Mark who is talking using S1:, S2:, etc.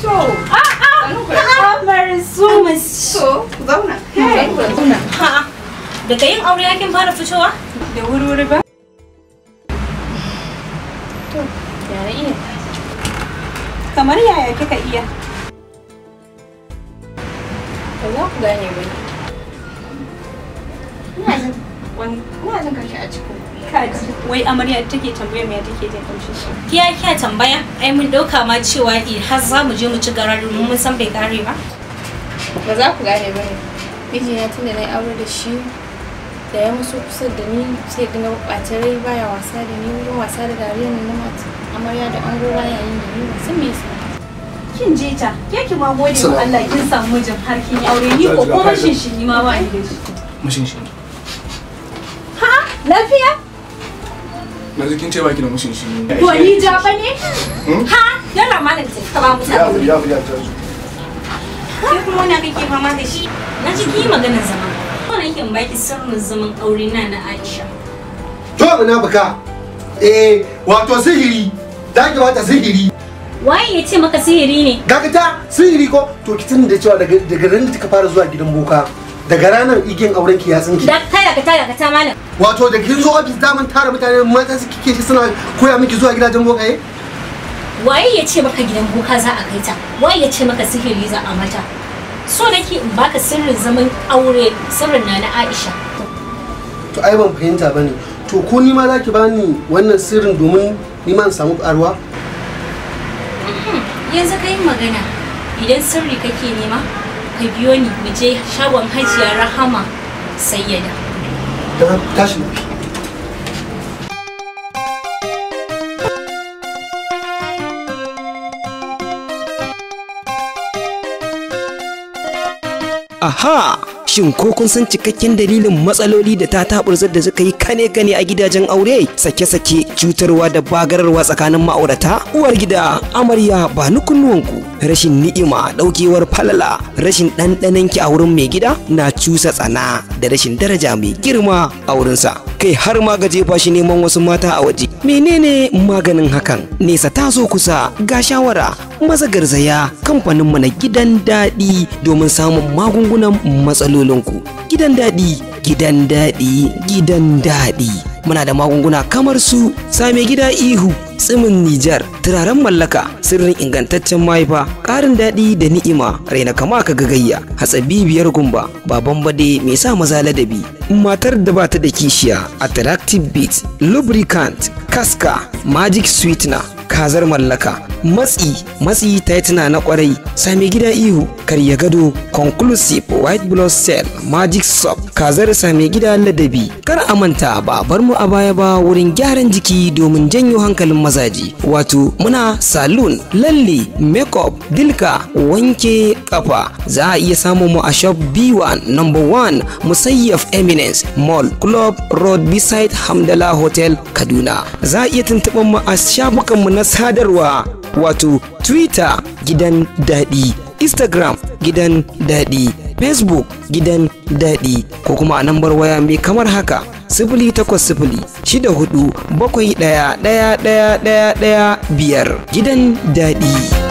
S1: To, al'amarin su mace. To, zauna. Zauna. Daga yin aure ya fara fitowa? Da wuri-wuri ba. To, yare iya. Kamar yaya kika iya? Ba za ku gane ba. Ina jin wani kuma zan kashi a cikin kaji wai amarya take tambaya me take jin kamshin shi kiya kiya tambaya ai mun dauka ma cewa eh har za mu je mu ci garar mu mun san bai kare ba ba za ku gane ba ne mijina tunda da na aure da shi da ya musu kusa da ni sai dinga ɓacin rai baya wasa da ni wurin wasa da dariyar na mata amarya da an baya yayin da ni sun me yasa kin je ta ke ki ma gode wa Allah kin samu mijin har kin aure ni ko kuma shin shi ma ba ni da shi Lafiya?
S2: Yanzu kin ce baki da mushin shi. To ni
S1: ja ba ne? Hmm? Ha? Yana malam ce ka ba mu Ya fi ya ya ta zo. Ke kuma na kake fama da shi? Na ji ki zaman zama. Wannan yake baki sirrin zaman aure na na Aisha.
S2: To na baka. Eh, wato sihiri. Da wata sihiri.
S1: Waye ya ce maka sihiri ne?
S2: ta sihiri ko to kitin da cewa daga daga ran da kika fara zuwa gidan boka. daga ranar igiyan auren ki ya tsinki da kai ka taya ka ta malam wato da kin zo office daman tara mutane mata suke kike shi suna koya miki zuwa gidajen bokaye waye ya ce maka gidan boka
S1: za a kai ta waye ya ce maka sihiri za a mata so nake in baka sirrin zaman aure sirrin na na Aisha
S2: to ai ban fahimta bane to ko ni ma zaki bani wannan sirrin domin ni ma in samu ƙaruwa hmm,
S1: yanzu kai magana idan sirri kake nema ka biyo ni mu je shagon hajiya rahama sayyada tashi Aha! shin ko kun san cikakken dalilin matsaloli da ta taburzar da suka yi kane kane a gidajen aure sake-sake cutarwa da bagararwa tsakanin ma'aurata uwar gida amarya ba ni kunnuwanku rashin ni'ima daukewar falala rashin ɗanɗanonki a wurin mai gida na cusa tsana da rashin daraja mai girma a wurinsa kai har ma ga jefa shi neman wasu mata a waje menene maganin hakan nesa ta zo kusa ga shawara maza garzaya kamfaninmu na gidan daɗi domin samun magungunan matsalolinku. Gidan daɗi, gidan daɗi, gidan daɗi. Muna da magunguna kamar su same gida ihu, tsimin Nijar, turaren mallaka, sirrin ingantaccen mahaifa karin daɗi da ni'ima raina kama ka gagayya biyar gumba baban bade mai sa maza ladabi matar da ba ta da kishiya attractive beat lubricant kaska magic sweetener kazar mallaka matsi matsi tana na kwarai sami gida ihu karya gado conclusive white blood cell magic soap kazar sami gida ladabi kar a manta ba bar mu a baya ba wurin gyaran jiki domin janyo hankalin mazaji wato muna saloon lalle makeup dilka wanke kafa za a iya samun mu a shop b1 number 1 musayyaf eminence mall club road beside hamdala hotel kaduna za a iya tuntuɓar mu a mu na sadarwa wato twitter gidan daɗi instagram gidan daɗi facebook gidan daɗi ko kuma a lambar waya mai kamar haka sifili takwas sifili shida hudu bakwai ɗaya ɗaya ɗaya ɗaya ɗaya biyar gidan daɗi.